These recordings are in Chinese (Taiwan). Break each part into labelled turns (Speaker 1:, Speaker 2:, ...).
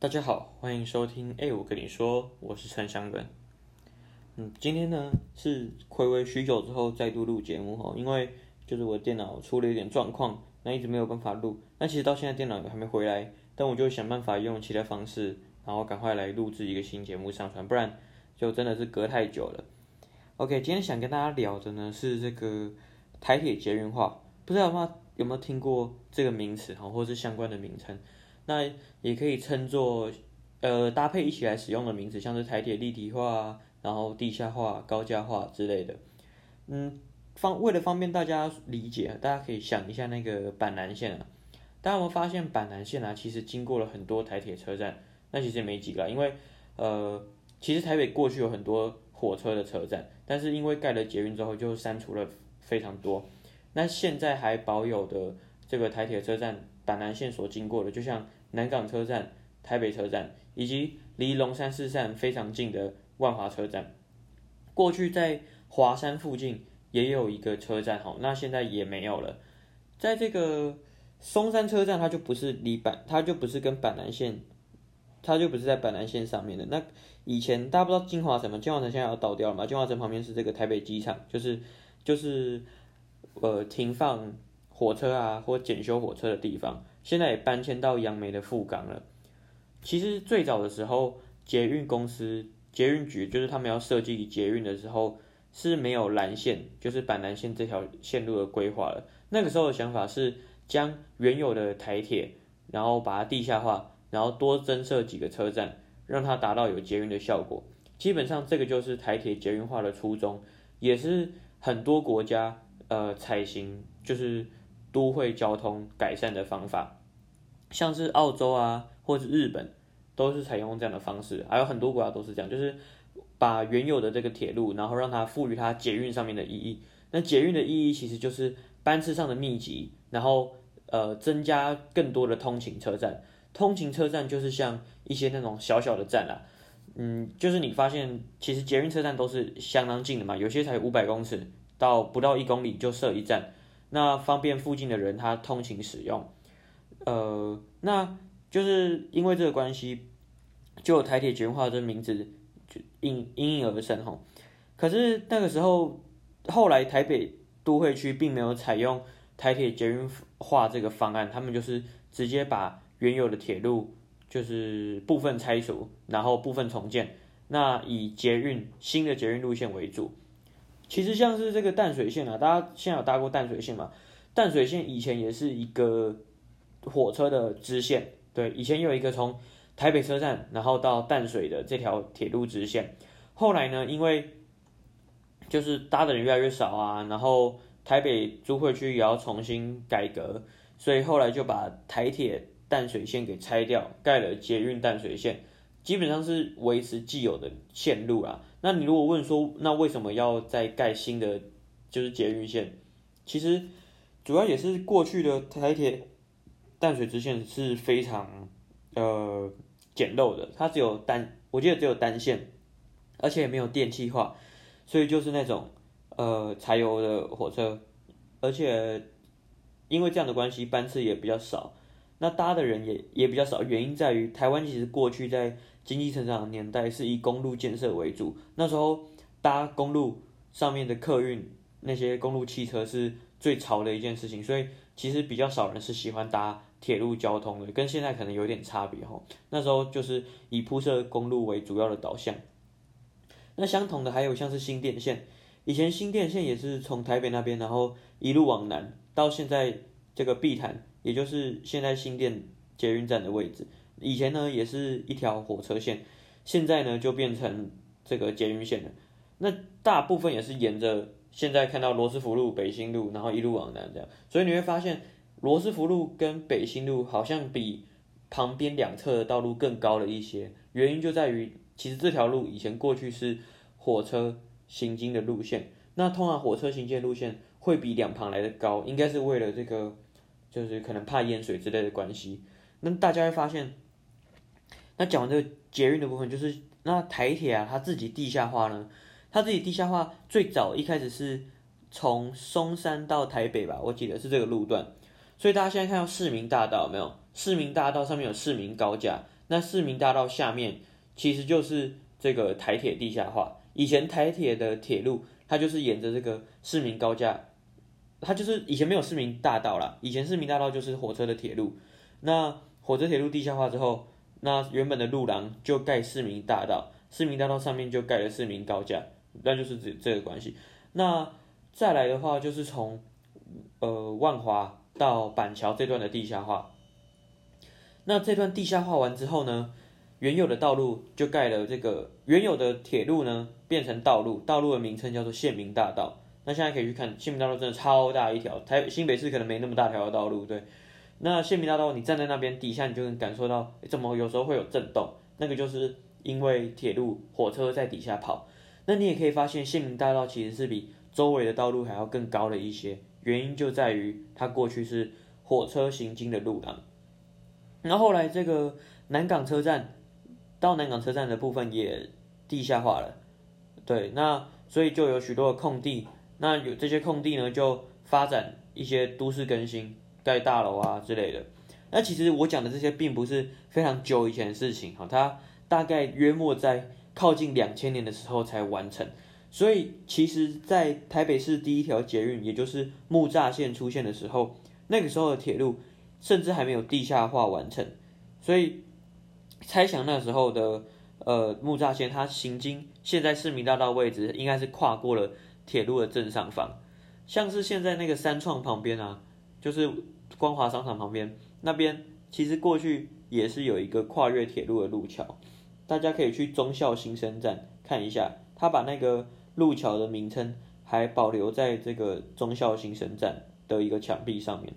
Speaker 1: 大家好，歡迎收聽。哎、欸，我跟你說，我是陳湘元。嗯，今天呢是睽違許久之後再度錄節目哦，因為就是我的電腦出了一點狀況，那一直沒有辦法錄。那其實到現在電腦還沒回來，但我就想辦法用其他方式，然後趕快來錄制一個新節目上傳，不然就真的是隔太久了。OK，今天想跟大家聊的呢是這個台鐵捷運化，不知道有沒有聽過這個名詞，或者是相關的名稱？那也可以稱作，呃，搭配一起來使用的名詞，像是台鐵立體化，然後地下化、高架化之類的。嗯，方，為了方便大家理解，大家可以想一下那個板南線啊。大家有沒有發現板南線啊,其實經過了很多台鐵車站，那其實也沒幾個，因為呃，其實台北過去有很多火車的車站，但是因為蓋了捷運之後，就刪除了非常多。那現在還保有的這個台鐵車站，板南線所經過的，就像。南港車站、台北車站以及離龍山寺站非常近的萬華車站，過去在華山附近也有一個車站，好，那現在也沒有了。在這個松山車站，它就不是離板，它就不是跟板南線，它就不是在板南線上面的。那以前大家不知道京華城嗎？京華城現在要倒掉了嘛？京華城旁邊是這個台北機廠，就是就是呃停放火車啊或檢修火車的地方。現在也搬遷到楊梅的富岡了。其實最早的時候，捷運公司、捷運局就是他們要設計捷運的時候是沒有藍線，就是板南線這條線路的規劃了。那個時候的想法是將原有的台鐵，然後把它地下化，然後多增設幾個車站，讓它達到有捷運的效果。基本上這個就是台鐵捷運化的初衷，也是很多國家呃採行，就是。都會交通改善的方法，像是澳洲啊，或者是日本，都是採用這樣的方式。還有很多國家都是這樣，就是把原有的這個鐵路，然後讓它賦予它捷運上面的意義。那捷運的意義其實就是班次上的密集，然後呃增加更多的通勤車站。通勤車站就是像一些那種小小的站啊，嗯，就是你發現其實捷運車站都是相當近的嘛，有些才五百公尺到不到一公里就設一站。那方便附近的人他通勤使用，呃，那就是因為這個關係，就有台鐵捷運化這名字就應應運而生吼。可是那個時候，後來台北都會區並沒有採用台鐵捷運化這個方案，他們就是直接把原有的鐵路就是部分拆除，然後部分重建，那以捷運，新的捷運路線為主。其實像是這個淡水線啊，大家現在有搭過淡水線嘛？淡水線以前也是一個火車的支線，對，以前有一個從台北車站然後到淡水的這條鐵路支線。後來呢，因為就是搭的人越來越少啊，然後台北都會區也要重新改革，所以後來就把台鐵淡水線給拆掉，蓋了捷運淡水線，基本上是維持既有的線路啊。那你如果問說，那為什麼要再蓋新的就是捷運線？其實主要也是過去的台鐵淡水支線是非常呃簡陋的，它只有單，我記得只有單線，而且也沒有電氣化，所以就是那種呃柴油的火車，而且因為這樣的關係，班次也比較少，那搭的人也也比較少。原因在於台灣其實過去在經濟成長的年代是以公路建設為主，那時候搭公路上面的客運，那些公路汽車是最潮的一件事情，所以其實比較少人是喜歡搭鐵路交通的，跟現在可能有點差別哈。那時候就是以鋪設公路為主要的導向，那相同的還有像是新店線，以前新店線也是從台北那邊，然後一路往南，到現在這個碧潭，也就是現在新店捷運站的位置。以前呢也是一條火車線，現在呢就變成這個捷運線了。那大部分也是沿着現在看到羅斯福路、北新路，然後一路往南這樣。所以你會發現羅斯福路跟北新路好像比旁邊兩側的道路更高了一些。原因就在於，其實這條路以前過去是火車行經的路線。那通常火車行經的路線會比兩旁來的高，應該是為了這個，就是可能怕淹水之類的關係。那大家會發現。那講完這個捷運的部分，就是那台鐵啊，它自己地下化呢。它自己地下化最早一開始是從松山到台北吧，我記得是這個路段。所以大家現在看到市民大道有沒有？市民大道上面有市民高架，那市民大道下面其實就是這個台鐵地下化。以前台鐵的鐵路它就是沿着這個市民高架，它就是以前沒有市民大道啦，以前市民大道就是火車的鐵路，那火車鐵路地下化之後。那原本的路廊就蓋市民大道，市民大道上面就蓋了市民高架，那就是這這個關係。那再來的話，就是從呃萬華到板橋這段的地下化。那這段地下化完之後呢，原有的道路就蓋了這個原有的鐵路呢變成道路，道路的名稱叫做縣民大道。那現在可以去看縣民大道，真的超大一條，台新北市可能沒那麼大條的道路，對。那市民大道，你站在那邊底下，你就能感受到誒，怎麼有時候會有震動？那個就是因為鐵路火車在底下跑。那你也可以發現，市民大道其實是比周圍的道路還要更高了一些，原因就在於它過去是火車行經的路廊。那後來這個南港車站到南港車站的部分也地下化了，對，那所以就有許多的空地。那有這些空地呢，就發展一些都市更新。蓋大樓啊之類的，那其實我講的這些並不是非常久以前的事情哈，它大概約莫在靠近兩千年的時候才完成，所以其實，在台北市第一條捷運，也就是木柵線出現的時候，那個時候的鐵路甚至還沒有地下化完成，所以猜想那時候的呃木柵線，它行經現在市民大道位置，應該是跨過了鐵路的正上方，像是現在那個三創旁邊啊，就是光華商場旁邊那邊，其實過去也是有一個跨越鐵路的路橋，大家可以去忠孝新生站看一下，他把那個路橋的名稱還保留在這個忠孝新生站的一個牆壁上面。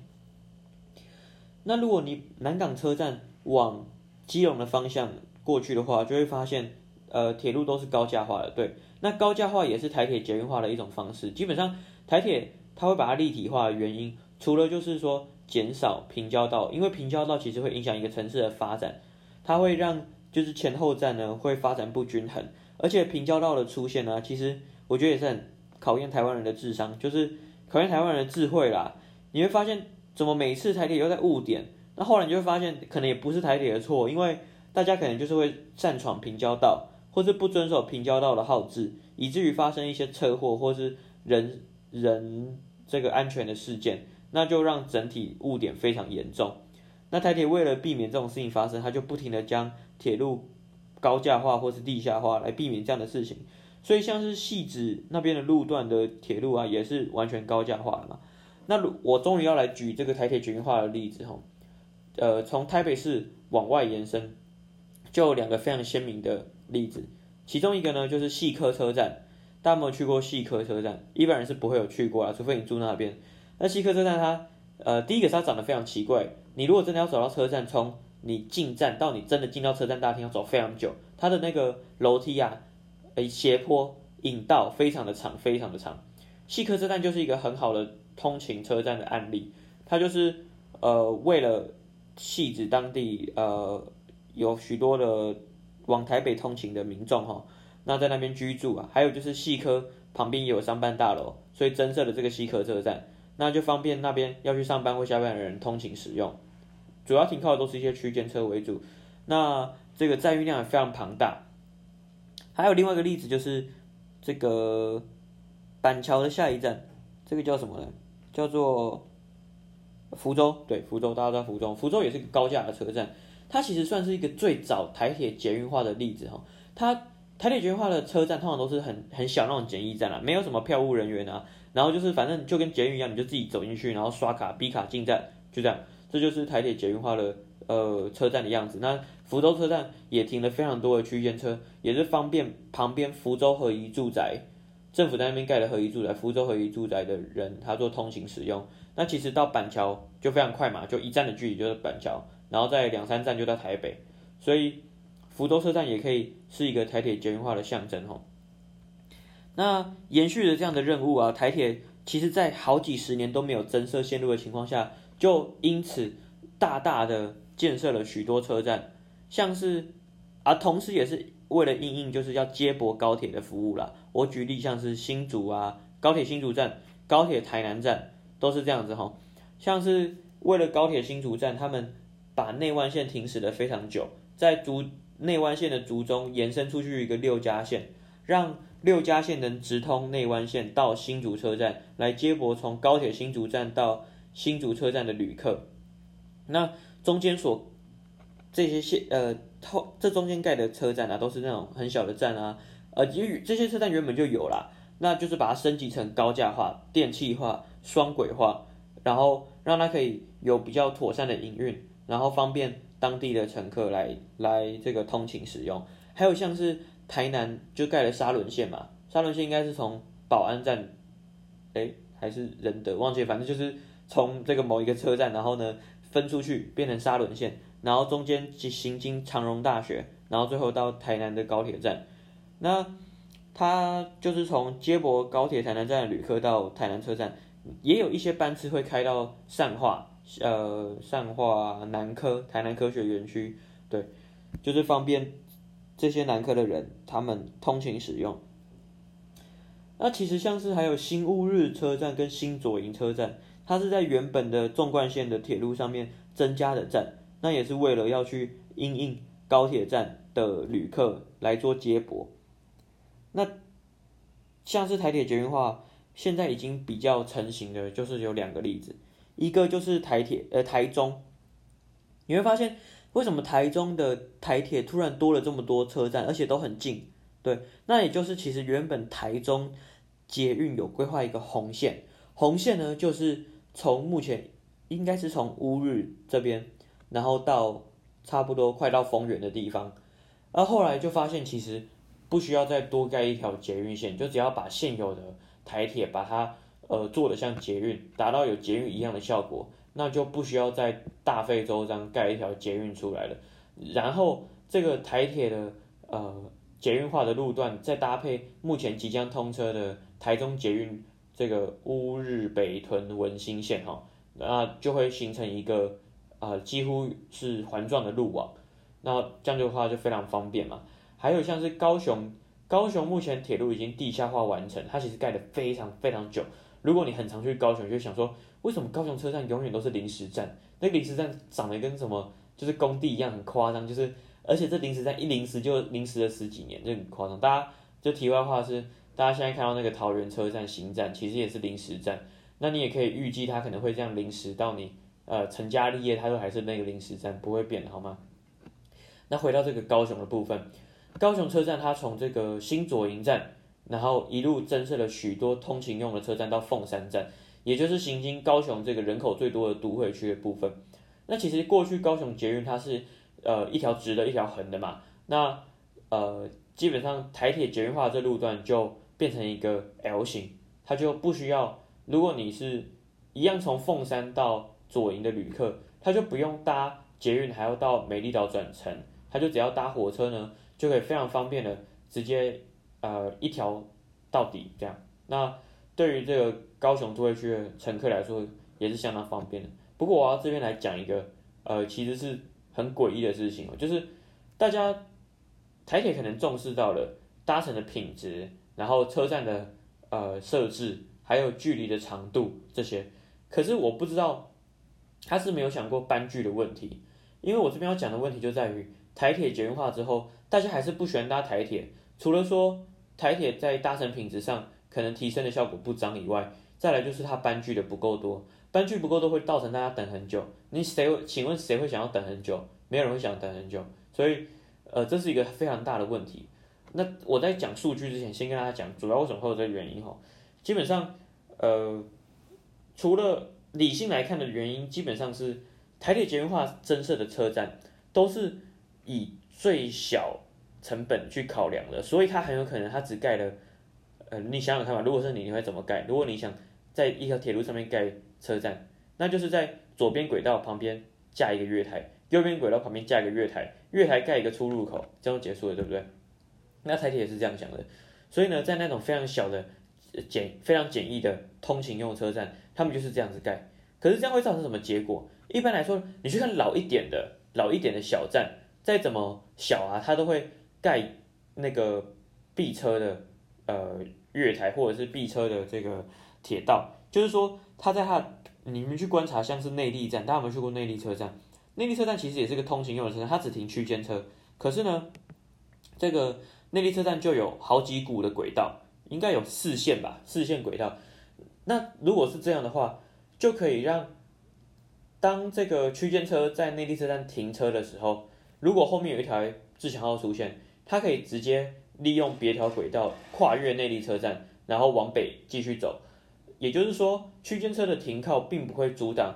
Speaker 1: 那如果你南港車站往基隆的方向過去的話，就會發現，呃，鐵路都是高架化的。對，那高架化也是台鐵捷運化的一種方式。基本上台鐵它會把它立體化的原因。除了就是說，減少平交道，因為平交道其實會影響一個城市的發展，它會讓就是前後站呢會發展不均衡，而且平交道的出現呢、啊，其實我覺得也是很考驗台灣人的智商，就是考驗台灣人的智慧啦。你會發現，怎麼每次台鐵又在誤點，那後來你就會發現，可能也不是台鐵的錯，因為大家可能就是會擅闖平交道，或是不遵守平交道的號誌，以至於發生一些車禍或是人人這個安全的事件。那就讓整體誤點非常嚴重。那台鐵為了避免這種事情發生，他就不停地將鐵路高架化或是地下化來避免這樣的事情。所以像是汐止那邊的路段的鐵路啊，也是完全高架化的嘛。那我終於要來舉這個台鐵捷運化的例子哈。呃，從台北市往外延伸，就有兩個非常鮮明的例子。其中一個呢，就是汐科車站。大家有沒有去過汐科車站，一般人是不會有去過啊，除非你住那邊。那汐科車站它，它呃，第一個，它長得非常奇怪。你如果真的要走到車站，從你進站到你真的進到車站大廳，要走非常久。它的那個樓梯啊，誒，斜坡引道非常的長，非常的長。汐科車站就是一個很好的通勤車站的案例。它就是呃，為了汐止當地呃有許多的往台北通勤的民眾哈，那在那邊居住啊，還有就是汐科旁邊也有商辦大樓，所以增設了這個汐科車站。那就方便那邊要去上班或下班的人通勤使用，主要停靠的都是一些區間車為主，那這個載運量也非常龐大。還有另外一個例子就是這個板橋的下一站，這個叫什麼呢？叫做福州，對，福州，大家在福州，福州也是一個高架的車站，它其實算是一個最早台鐵捷運化的例子哈。它台鐵捷運化的車站通常都是很很小那種簡易站啊，沒有什麼票務人員啊。然後就是，反正就跟捷運一樣，你就自己走進去，然後刷卡、嗶卡進站，就這樣。這就是台鐵捷運化的呃車站的樣子。那福州車站也停了非常多的區間車，也是方便旁邊福州合宜住宅，政府在那邊蓋的合宜住宅，福州合宜住宅的人他做通行使用。那其實到板橋就非常快嘛，就一站的距離就是板橋，然後再兩三站就到台北。所以福州車站也可以是一個台鐵捷運化的象徵吼。那延續了這樣的任務啊，台鐵其實，在好幾十年都沒有增設線路的情況下，就因此大大的建設了許多車站，像是，而、啊、同時，也是為了因應就是要接駁高鐵的服務啦。我舉例像是新竹啊，高鐵新竹站、高鐵台南站都是這樣子哈，像是為了高鐵新竹站，他們把內灣線停駛了非常久，在竹內灣線的竹中延伸出去一個六家線，讓六家線能直通內灣線到新竹車站，來接駁從高鐵新竹站到新竹車站的旅客。那中間所這些線，呃，套這中間蓋的車站啊，都是那種很小的站啊，呃，由於這些車站原本就有啦，那就是把它升級成高架化、電氣化、雙軌化，然後讓它可以有比較妥善的營運，然後方便當地的乘客來來這個通勤使用。還有像是。台南就蓋了沙崙線嘛，沙崙線應該是從保安站，誒、欸，還是仁德忘記，反正就是從這個某一個車站，然後呢分出去變成沙崙線，然後中間行經長榮大學，然後最後到台南的高鐵站。那它就是從接駁高鐵台南站的旅客到台南車站，也有一些班次會開到善化，呃，善化南科、台南科學園區，對，就是方便。這些南科的人，他們通勤使用。那其實像是還有新烏日車站跟新左營車站，它是在原本的縱貫線的鐵路上面增加的站，那也是為了要去因應高鐵站的旅客來做接駁。那像是台鐵捷運化現在已經比較成型的，就是有兩個例子，一個就是台鐵呃台中，你會發現。為什麼台中的台鐵突然多了這麼多車站，而且都很近？對，那也就是其實原本台中捷運有規劃一個紅線，紅線呢就是從目前應該是從烏日這邊，然後到差不多快到豐原的地方，而後，後來就發現其實不需要再多蓋一條捷運線，就只要把現有的台鐵把它呃做得像捷運，達到有捷運一樣的效果。那就不需要在大費周章蓋一條捷運出來了，然後這個台鐵的呃捷運化的路段，再搭配目前即將通車的台中捷運這個烏日北屯文心線哈、哦，那就會形成一個呃幾乎是環狀的路網，那這樣的話就非常方便嘛。還有像是高雄，高雄目前鐵路已經地下化完成，它其實蓋得非常非常久，如果你很常去高雄，就想說。為什麼高雄車站永遠都是臨時站？那個臨時站長得跟什麼，就是工地一樣，很誇張。就是，而且這臨時站一臨時就臨時了十幾年，這很誇張。大家就題外話的是，大家現在看到那個桃園車站行站，其實也是臨時站。那你也可以預計它可能會這樣臨時到你呃成家立業，它都還是那個臨時站，不會變，好嗎？那回到這個高雄的部分，高雄車站它從這個新左營站，然後一路增設了許多通勤用的車站到鳳山站。也就是行經高雄這個人口最多的都會區的部分。那其實過去高雄捷運它是呃一條直的，一條橫的嘛。那呃基本上台鐵捷運化的這路段就變成一個 L 型，它就不需要。如果你是一樣從鳳山到左營的旅客，它就不用搭捷運，還要到美麗島轉乘，它就只要搭火車呢，就可以非常方便的直接呃一條到底這樣。那對於這個高雄都會區的乘客來說，也是相當方便的。不過，我要這邊來講一個，呃，其實是很詭異的事情哦，就是大家台鐵可能重視到了搭乘的品質，然後車站的呃設置，還有距離的長度這些。可是，我不知道他是沒有想過班距的問題，因為我這邊要講的問題就在於台鐵捷運化之後，大家還是不喜歡搭台鐵，除了說台鐵在搭乘品質上。可能提升的效果不彰以外，再來就是它班距的不夠多，班距不夠多會造成大家等很久。你誰請問誰會想要等很久？沒有人會想要等很久，所以呃這是一個非常大的問題。那我在講數據之前，先跟大家講，主要為什麼會有這個原因哈，基本上呃除了理性來看的原因，基本上是台鐵捷運化增設的車站都是以最小成本去考量的，所以它很有可能它只蓋了。呃，你想想看吧，如果是你，你會怎麼蓋？如果你想在一條鐵路上面蓋車站，那就是在左邊軌道旁邊架一個月台，右邊軌道旁邊架一個月台，月台蓋一個出入口，這樣就結束了，對不對？那台鐵也是這樣想的，所以呢，在那種非常小的簡非常簡易的通勤用車站，他們就是這樣子蓋。可是這樣會造成什麼結果？一般來說，你去看老一點的老一點的小站，再怎麼小啊，它都會蓋那個避車的，呃。月台或者是 B 車的這個鐵道，就是說它在它，你們去觀察，像是內壢站，大家有沒有去過內壢車站？內壢車站其實也是個通勤用的車站，它只停區間車。可是呢，這個內壢車站就有好幾股的軌道，應該有四線吧，四線軌道。那如果是這樣的話，就可以讓當這個區間車在內壢車站停車的時候，如果後面有一台自強號出現，它可以直接。利用別條軌道跨越內壢車站，然後往北繼續走。也就是說，區間車的停靠並不會阻擋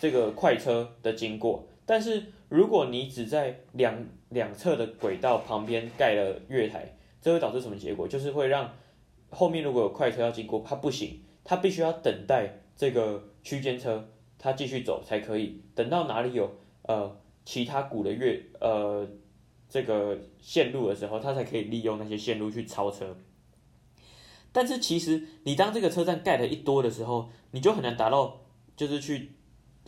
Speaker 1: 這個快車的經過。但是，如果你只在兩兩側的軌道旁邊蓋了月台，這會導致什麼結果？就是會讓後面如果有快車要經過，它不行，它必須要等待這個區間車它繼續走才可以。等到哪裡有呃其他股的月呃。這個線路的時候，它才可以利用那些線路去超車。但是其實，你當這個車站蓋的一多的時候，你就很難達到就是去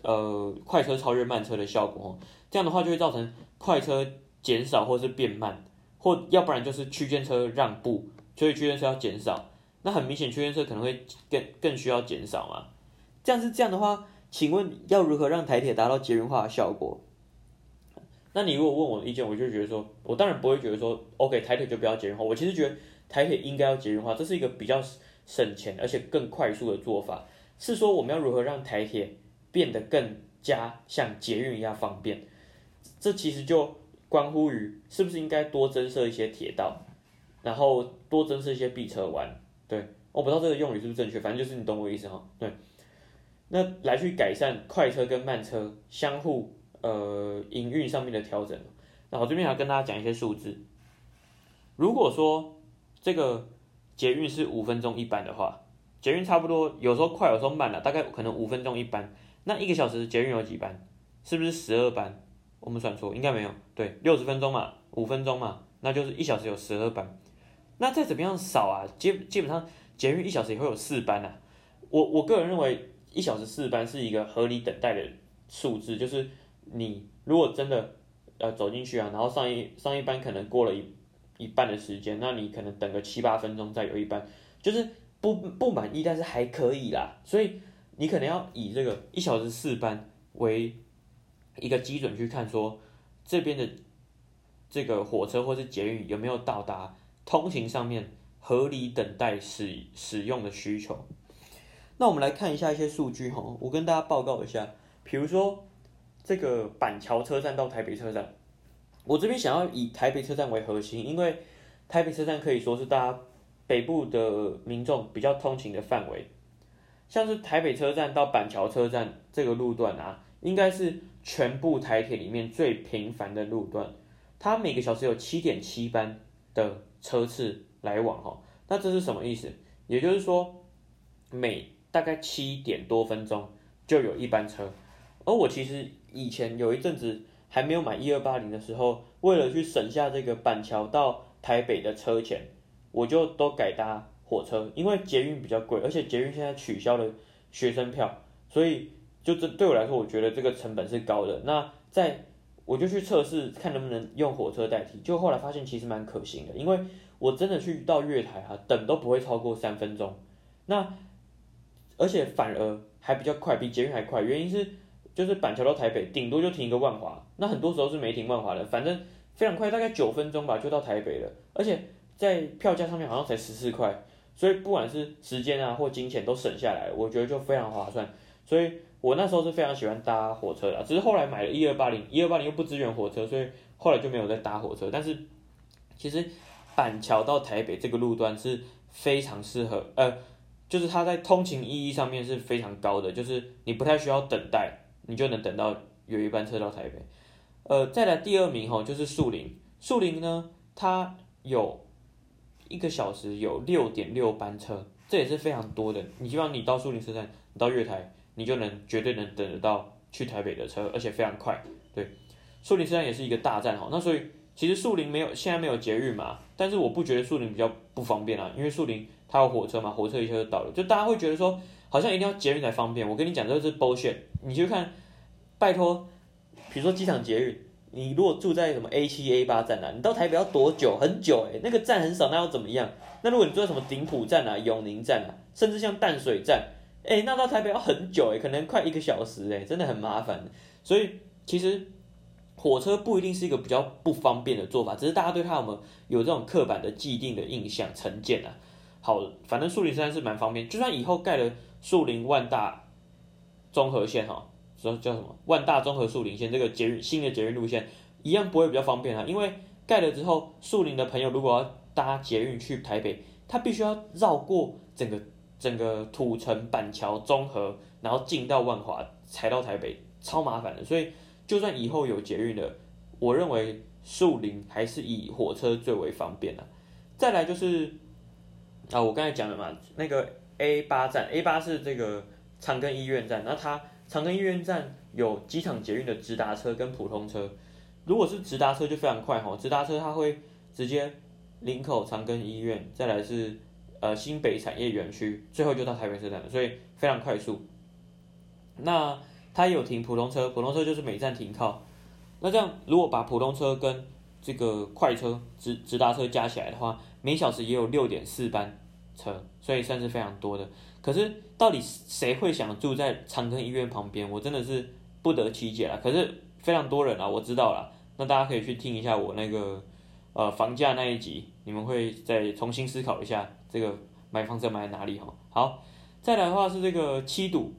Speaker 1: 呃快車超越慢車的效果。這樣的話就會造成快車減少或是變慢，或要不然就是區間車讓步，所以區間車要減少。那很明顯，區間車可能會更更需要減少嘛。這樣是這樣的話，請問要如何讓台鐵達到捷運化的效果？那你如果問我的意見，我就覺得說，我當然不會覺得說，OK，台鐵就不要捷運化，我其實覺得台鐵應該要捷運化，這是一個比較省錢而且更快速的做法。是說我們要如何讓台鐵變得更加像捷運一樣方便？這其實就關乎於是不是應該多增設一些鐵道，然後多增設一些避車彎，對，我不知道這個用語是不是正確，反正就是你懂我意思哈。對，那來去改善快車跟慢車相互。呃，營運上面的調整，那我這邊還要跟大家講一些數字。如果說這個捷運是五分鐘一班的話，捷運差不多有時候快，有時候慢了，大概可能五分鐘一班。那一個小時捷運有幾班？是不是十二班？我們算錯，應該沒有。對，六十分鐘嘛，五分鐘嘛，那就是一小時有十二班。那再怎麼樣少啊，基基本上捷運一小時也會有四班啊。我我個人認為一小時四班是一個合理等待的數字，就是。你如果真的呃走進去啊，然後上一上一班可能過了一一半的時間，那你可能等個七八分鐘再有一班，就是不不滿意，但是還可以啦。所以你可能要以這個一小時四班為一個基準去看，說這邊的這個火車或是捷運有沒有到達，通行上面合理等待使使用的需求。那我們來看一下一些數據哈，我跟大家報告一下，比如說。這個板橋車站到台北車站，我這邊想要以台北車站為核心，因為台北車站可以說是大家北部的民眾比較通勤的範圍。像是台北車站到板橋車站這個路段啊，應該是全部台鐵裡面最頻繁的路段，它每個小時有七點七班的車次來往哈。那這是什麼意思？也就是說，每大概七點多分鐘就有一班車。而我其實以前有一陣子還沒有買一二八零的時候，為了去省下這個板橋到台北的車錢，我就都改搭火車，因為捷運比較貴，而且捷運現在取消了學生票，所以就這對我來說，我覺得這個成本是高的。那在我就去測試看能不能用火車代替，就後來發現其實蠻可行的，因為我真的去到月台啊等都不會超過三分鐘，那而且反而還比較快，比捷運還快，原因是。就是板橋到台北，頂多就停一個萬華，那很多時候是沒停萬華的，反正非常快，大概九分鐘吧就到台北了，而且在票價上面好像才十四塊，所以不管是時間啊或金錢都省下來，我覺得就非常划算。所以我那時候是非常喜歡搭火車的，只是後來買了一二八零，一二八零又不支援火車，所以後來就沒有再搭火車。但是其實板橋到台北這個路段是非常適合，呃，就是它在通勤意義上面是非常高的，就是你不太需要等待。你就能等到有一班車到台北，呃，再來第二名哈、哦，就是樹林。樹林呢，它有一個小時有六點六班車，這也是非常多的。你希望你到樹林車站，你到月台，你就能絕對能等得到去台北的車，而且非常快。對，樹林車站也是一個大站哈、哦。那所以其實樹林沒有現在沒有捷運嘛，但是我不覺得樹林比較不方便啊，因為樹林它有火車嘛，火車一下就到了。就大家會覺得說好像一定要捷運才方便，我跟你講這是 bullshit。你就看，拜託，比如說機場捷運，你如果住在什麼 A 七、A 八站啊，你到台北要多久？很久誒、欸，那個站很少，那要怎麼樣？那如果你住在什麼頂埔站啊、永寧站啊，甚至像淡水站，哎、欸，那到台北要很久誒、欸，可能快一個小時誒、欸，真的很麻煩。所以其實火車不一定是一個比較不方便的做法，只是大家對他有，有有這種刻板的既定的印象成見啊，好，反正樹林車站是蠻方便，就算以後蓋了樹林萬大。中和線哈，說叫什麼萬大中和樹林線，這個捷運新的捷運路線一樣不會比較方便啊，因為蓋了之後，樹林的朋友如果要搭捷運去台北，他必須要繞過整個整個土城板橋中和，然後進到萬華才到台北，超麻煩的。所以就算以後有捷運的，我認為樹林還是以火車最為方便的，啊，再來就是啊，哦，我剛才講的嘛，那個 A8 站 A8 是這個。長庚醫院站，那它長庚醫院站有機場捷運的直達車跟普通車。如果是直達車就非常快哈，直達車它會直接林口長庚醫院，再來是呃新北產業園區，最後就到台北車站，所以非常快速。那它也有停普通車，普通車就是每站停靠。那這樣如果把普通車跟這個快車直直達車加起來的話，每小時也有六點四班。車，所以算是非常多的。可是到底誰會想住在長庚醫院旁邊？我真的是不得其解了。可是非常多人啊，我知道了。那大家可以去聽一下我那個呃，房價那一集，你們會再重新思考一下這個買房車買在哪裡哈。好，再來的話是這個七堵，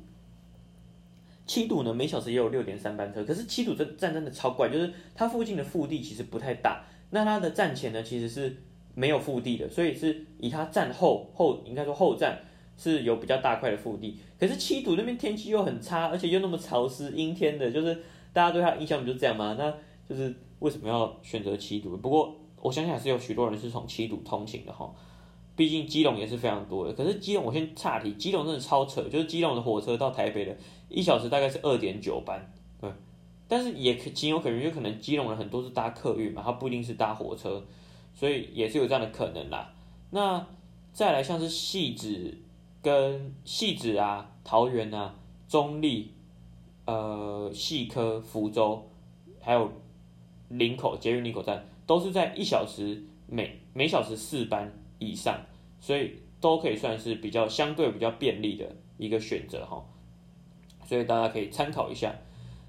Speaker 1: 七堵呢每小時也有六點三班車。可是七堵這站真的超怪，就是它附近的腹地其實不太大，那它的站前呢其實是。沒有腹地的，所以是以它站後，後，應該說後站是有比較大塊的腹地，可是七堵那邊天氣又很差，而且又那麼潮濕陰天的，就是大家對它印象不就這樣嗎？那就是為什麼要選擇七堵？不過我想想還是有許多人是從七堵通勤的哈，畢竟基隆也是非常多的。可是基隆我先岔題，基隆真的超扯，就是基隆的火車到台北的一小時大概是二點九班，對，但是也可僅有可能因為可能基隆人很多是搭客運嘛，他不一定是搭火車。所以也是有這樣的可能啦。那再來像是戲子跟戲子啊、桃園啊、中壢、呃、細科、福州，還有林口捷運林口站，都是在一小時每每小時四班以上，所以都可以算是比較相對比較便利的一個選擇齁。所以大家可以參考一下。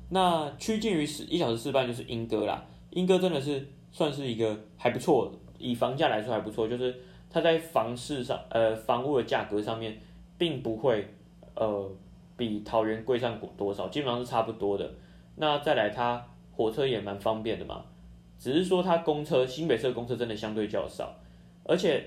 Speaker 1: 那趨近於是一小時四班就是鶯歌啦，鶯歌真的是。算是一個還不錯，以房價來說還不錯，就是它在房市上，呃，房屋的價格上面，並不會，呃，比桃園貴上多少，基本上是差不多的。那再來，它火車也蠻方便的嘛，只是說它公車，新北市的公車真的相對較少，而且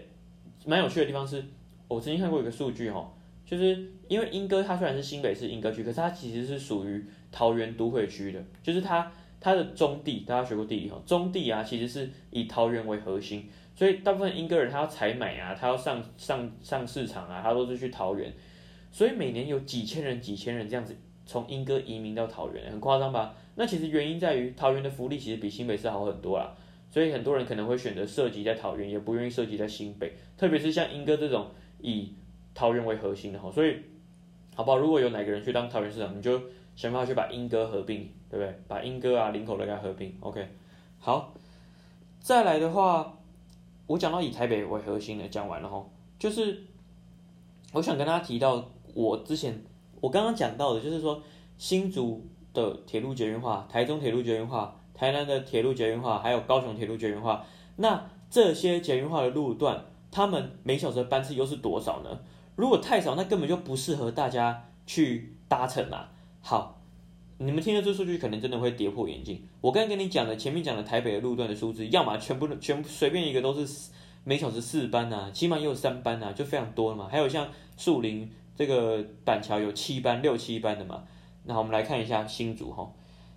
Speaker 1: 蠻有趣的地方是，我曾經看過一個數據哈，就是因為鶯歌它雖然是新北市鶯歌區，可是它其實是屬於桃園都會區的，就是它。它的中地，大家學過地理哈，中地啊，其實是以桃園為核心，所以大部分鶯歌人他要採買啊，他要上上上市場啊，他都是去桃園，所以每年有幾千人幾千人這樣子從鶯歌移民到桃園，很誇張吧？那其實原因在於桃園的福利其實比新北市好很多啦、啊，所以很多人可能會選擇設籍在桃園，也不願意設籍在新北，特別是像鶯歌這種以桃園為核心的哈，所以，好不好，如果有哪個人去當桃園市長，你就。想辦法去把鶯歌合併，對不對？把鶯歌啊、林口都給合併。OK，好，再來的話，我講到以台北為核心的講完了哈，就是我想跟大家提到，我之前我剛剛講到的，就是說新竹的鐵路捷運化、台中鐵路捷運化、台南的鐵路捷運化，還有高雄鐵路捷運化，那這些捷運化的路段，他們每小時的班次又是多少呢？如果太少，那根本就不適合大家去搭乘啊。好，你們聽了這數據，可能真的會跌破眼鏡。我剛剛跟你講的，前面講的台北的路段的數字，要麼全部全部隨便一個都是每小時四班啊，起碼也有三班啊，就非常多了嘛。還有像樹林這個板橋有七班、六七班的嘛。那好，我們來看一下新竹哈，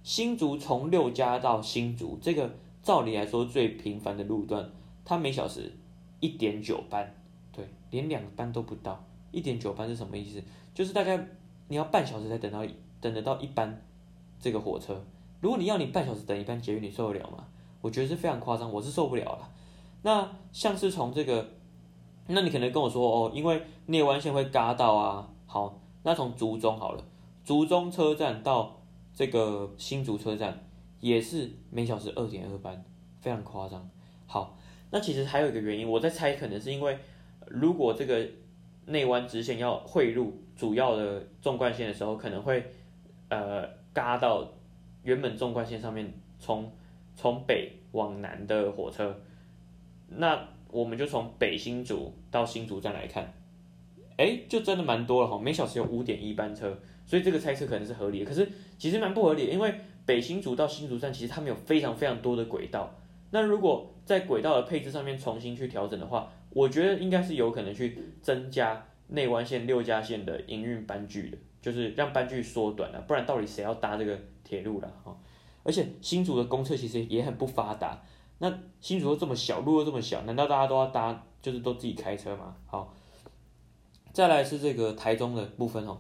Speaker 1: 新竹從六家到新竹這個，照理來說最頻繁的路段，它每小時一點九班，對，連兩班都不到。一點九班是什麼意思？就是大概你要半小時才等到。等得到一班這個火車，如果你要你半小時等一班捷運，你受得了嗎？我覺得是非常誇張，我是受不了了。那像是從這個，那你可能跟我說哦，因為內灣線會嘎到啊。好，那從竹中好了，竹中車站到這個新竹車站也是每小時二點二班，非常誇張。好，那其實還有一個原因，我在猜，可能是因為如果這個內灣直線要匯入主要的縱貫線的時候，可能會。呃，嘎到原本縱貫線上面，從從北往南的火車，那我們就從北新竹到新竹站來看，哎、欸，就真的蠻多了哈，每小時有五點一班車，所以這個猜測可能是合理的。可是其實蠻不合理的，因為北新竹到新竹站其實他們有非常非常多的軌道，那如果在軌道的配置上面重新去調整的話，我覺得應該是有可能去增加內灣線六家線的營運班距的。就是讓班距縮短了，不然到底誰要搭這個鐵路了哈、啊？而且新竹的公車其實也很不發達，那新竹又這麼小，路又這麼小，難道大家都要搭，就是都自己開車嗎？好，再來是這個台中的部分哦，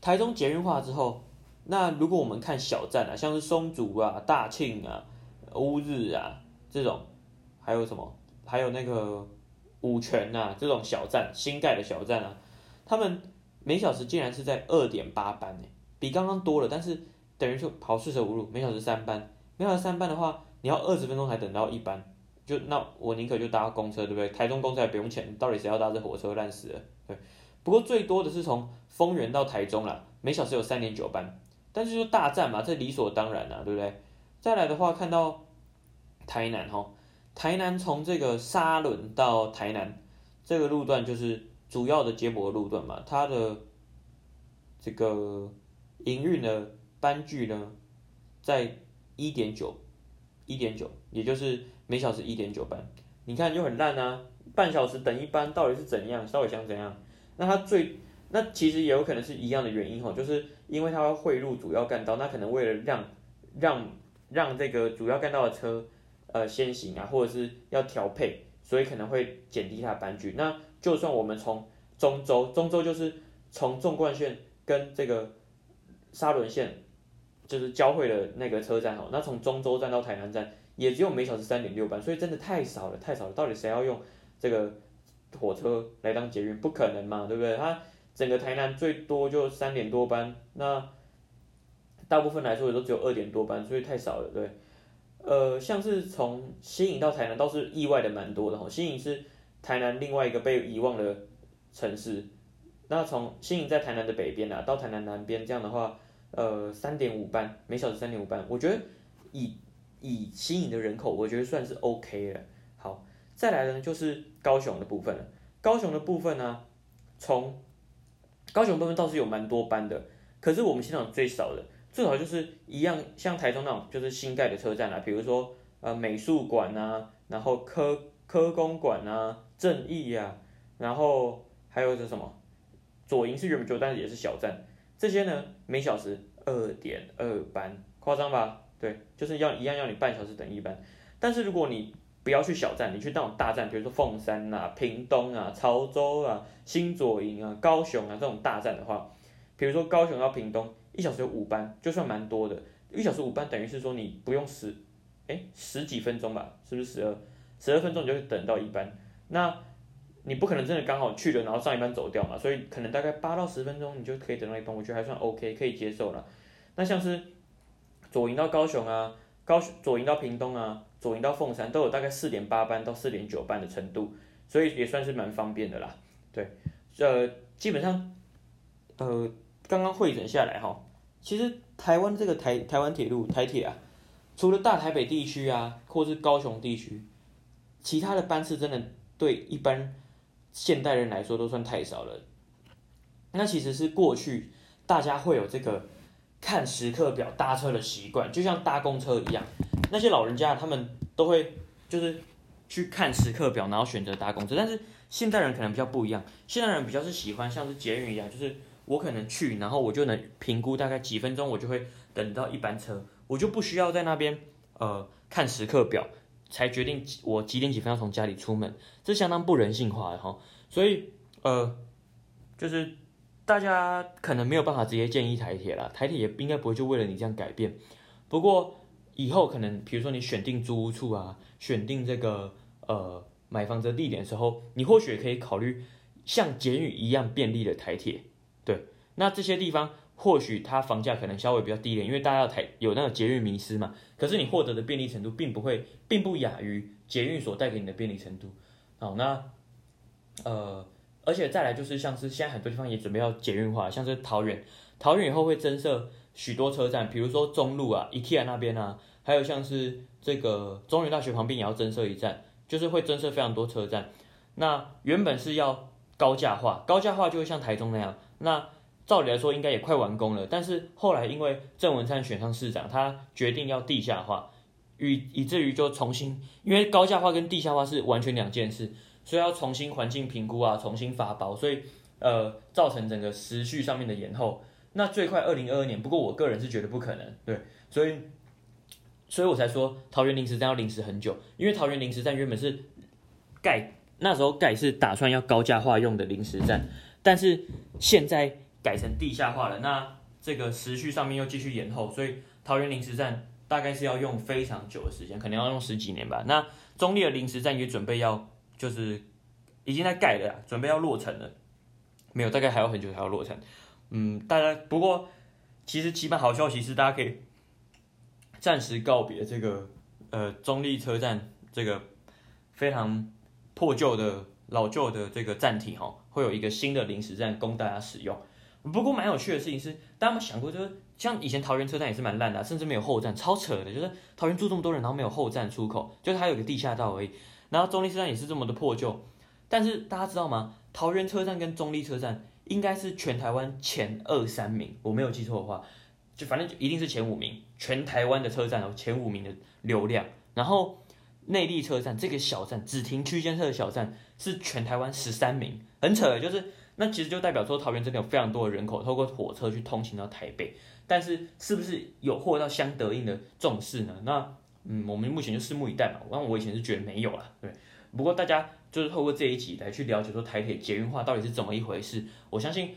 Speaker 1: 台中捷運化之後，那如果我們看小站啊，像是松竹啊、大慶啊、烏日啊這種，還有什麼，還有那個五權啊這種小站，新蓋的小站啊，他們。每小時竟然是在二點八班誒，比剛剛多了，但是等於說跑四舍五入每小時三班，每小時三班的話，你要二十分鐘才等到一班，就那我寧可就搭公車，對不對？台中公車也不用錢，到底誰要搭這火車爛死了？對，不過最多的是從豐原到台中了，每小時有三點九班，但是就大站嘛，這理所當然了，對不對？再來的話看到台南哈，台南從這個沙崙到台南這個路段就是。主要的接駁路段嘛，它的這個營運的班距呢，在一點九，一點九，也就是每小時一點九班。你看就很爛啊，半小時等一班，到底是怎樣？到底想怎樣？那它最，那其實也有可能是一樣的原因哈，就是因為它會匯入主要幹道，那可能為了讓讓讓這個主要幹道的車呃先行啊，或者是要調配，所以可能會減低它的班距。那就算我們從中洲，中洲就是從縱貫線跟這個沙崙線就是交匯的那個車站，哦。那從中洲站到台南站也只有每小時三點六班，所以真的太少了，太少了。到底誰要用這個火車來當捷運？不可能嘛，對不對？它整個台南最多就三點多班，那大部分來說也都只有二點多班，所以太少了。對，對，呃，像是從新營到台南倒是意外的蠻多的哈，新營是。台南另外一個被遺忘的城市，那從新營在台南的北邊啊，到台南南邊這樣的話，呃，三點五班，每小時三點五班，我覺得以以新營的人口，我覺得算是 OK 了。好，再來呢，就是高雄的部分了。高雄的部分呢，啊，從高雄部分倒是有蠻多班的，可是我們現場最少的，最少就是一樣像台中那種就是新蓋的車站啊，比如說呃美術館啊，然後科科工館啊。正義呀、啊，然後還有是什麼？左營是原本就，但是也是小站。這些呢，每小時二點二班，誇張吧？對，就是要一樣要你半小時等一班。但是如果你不要去小站，你去那種大站，比如說鳳山啊、屏東啊、潮州啊、新左營啊、高雄啊這種大站的話，比如說高雄到屏東，一小時有五班，就算蠻多的。一小時五班等於是說你不用十哎十幾分鐘吧？是不是十二？十二分鐘你就等到一班。那，你不可能真的剛好去了，然後上一班走掉嘛？所以可能大概八到十分鐘，你就可以等到一班，我覺得還算 OK，可以接受了。那像是左營到高雄啊，高雄左營到屏東啊，左營到鳳山都有大概四點八班到四點九班的程度，所以也算是蠻方便的啦。對，呃，基本上，呃，剛剛匯整下來哈，其實台灣這個台台灣鐵路台鐵啊，除了大台北地區啊，或是高雄地區，其他的班次真的。對一般現代人來說都算太少了，那其實是過去大家會有這個看時刻表搭車的習慣，就像搭公車一樣，那些老人家他們都會就是去看時刻表，然後選擇搭公車。但是現代人可能比較不一樣，現代人比較是喜歡像是捷運一樣，就是我可能去，然後我就能評估大概幾分鐘，我就會等到一班車，我就不需要在那邊呃看時刻表。才決定我幾點幾分要從家裡出門，這相當不人性化的哈、哦。所以呃，就是大家可能沒有辦法直接建議台鐵啦，台鐵也應該不會就為了你這樣改變。不過以後可能，比如說你選定租屋處啊，選定這個呃買房這地點的時候，你或許也可以考慮像捷運一樣便利的台鐵。對，那這些地方。或許它房價可能稍微比較低廉，因為大家要台有那個捷運迷思嘛。可是你獲得的便利程度並不會，並不亞於捷運所帶給你的便利程度。好，那呃，而且再來就是像是現在很多地方也準備要捷運化，像是桃園，桃園以後會增設許多車站，比如說中路啊、IKEA 那邊啊，還有像是這個中原大學旁邊也要增設一站，就是會增設非常多車站。那原本是要高架化，高架化就會像台中那樣，那。照理來說應該也快完工了，但是後來因為鄭文燦選上市長，他決定要地下化，以以至於就重新，因為高架化跟地下化是完全兩件事，所以要重新環境評估啊，重新發包，所以呃造成整個時序上面的延後。那最快二零二二年，不過我個人是覺得不可能，對，所以，所以我才說桃園臨時站要臨時很久，因為桃園臨時站原本是蓋那時候蓋是打算要高架化用的臨時站，但是現在。改成地下化了，那這個時序上面又繼續延後，所以桃園臨時站大概是要用非常久的時間，可能要用十幾年吧。那中壢的臨時站也準備要，就是已經在蓋了，準備要落成了，沒有，大概還有很久才要落成。嗯，大家不過其實基本好消息是，大家可以暫時告別這個呃中壢車站這個非常破舊的老舊的這個站體，哈，會有一個新的臨時站供大家使用。不過蠻有趣的事情是，大家有沒有想過，就是像以前桃園車站也是蠻爛的啊，甚至沒有後站，超扯的。就是桃園住這麼多人，然後沒有後站出口，就是它有個地下道而已。然後中壢車站也是這麼的破舊，但是大家知道嗎？桃園車站跟中壢車站應該是全台灣前二三名，我沒有記錯的話，就反正就一定是前五名，全台灣的車站然後前五名的流量。然後內壢車站這個小站，只停區間車的小站是全台灣十三名，很扯的，就是。那其實就代表說，桃園這邊有非常多的人口，透過火車去通行到台北，但是是不是有獲到相對應的重視呢？那嗯，我們目前就拭目以待嘛。我我以前是覺得沒有啦，對。不過大家就是透過這一集來去了解說，台鐵捷運化到底是怎麼一回事。我相信，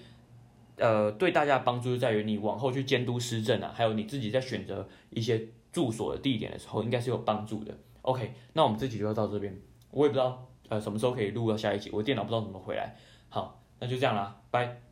Speaker 1: 呃，對大家的幫助就在於你往後去監督施政啊，還有你自己在選擇一些住所的地點的時候，應該是有幫助的。OK，那我們這集就要到這邊。我也不知道呃什麼時候可以錄到下一集，我電腦不知道怎麼回來。好。那就這樣了，拜。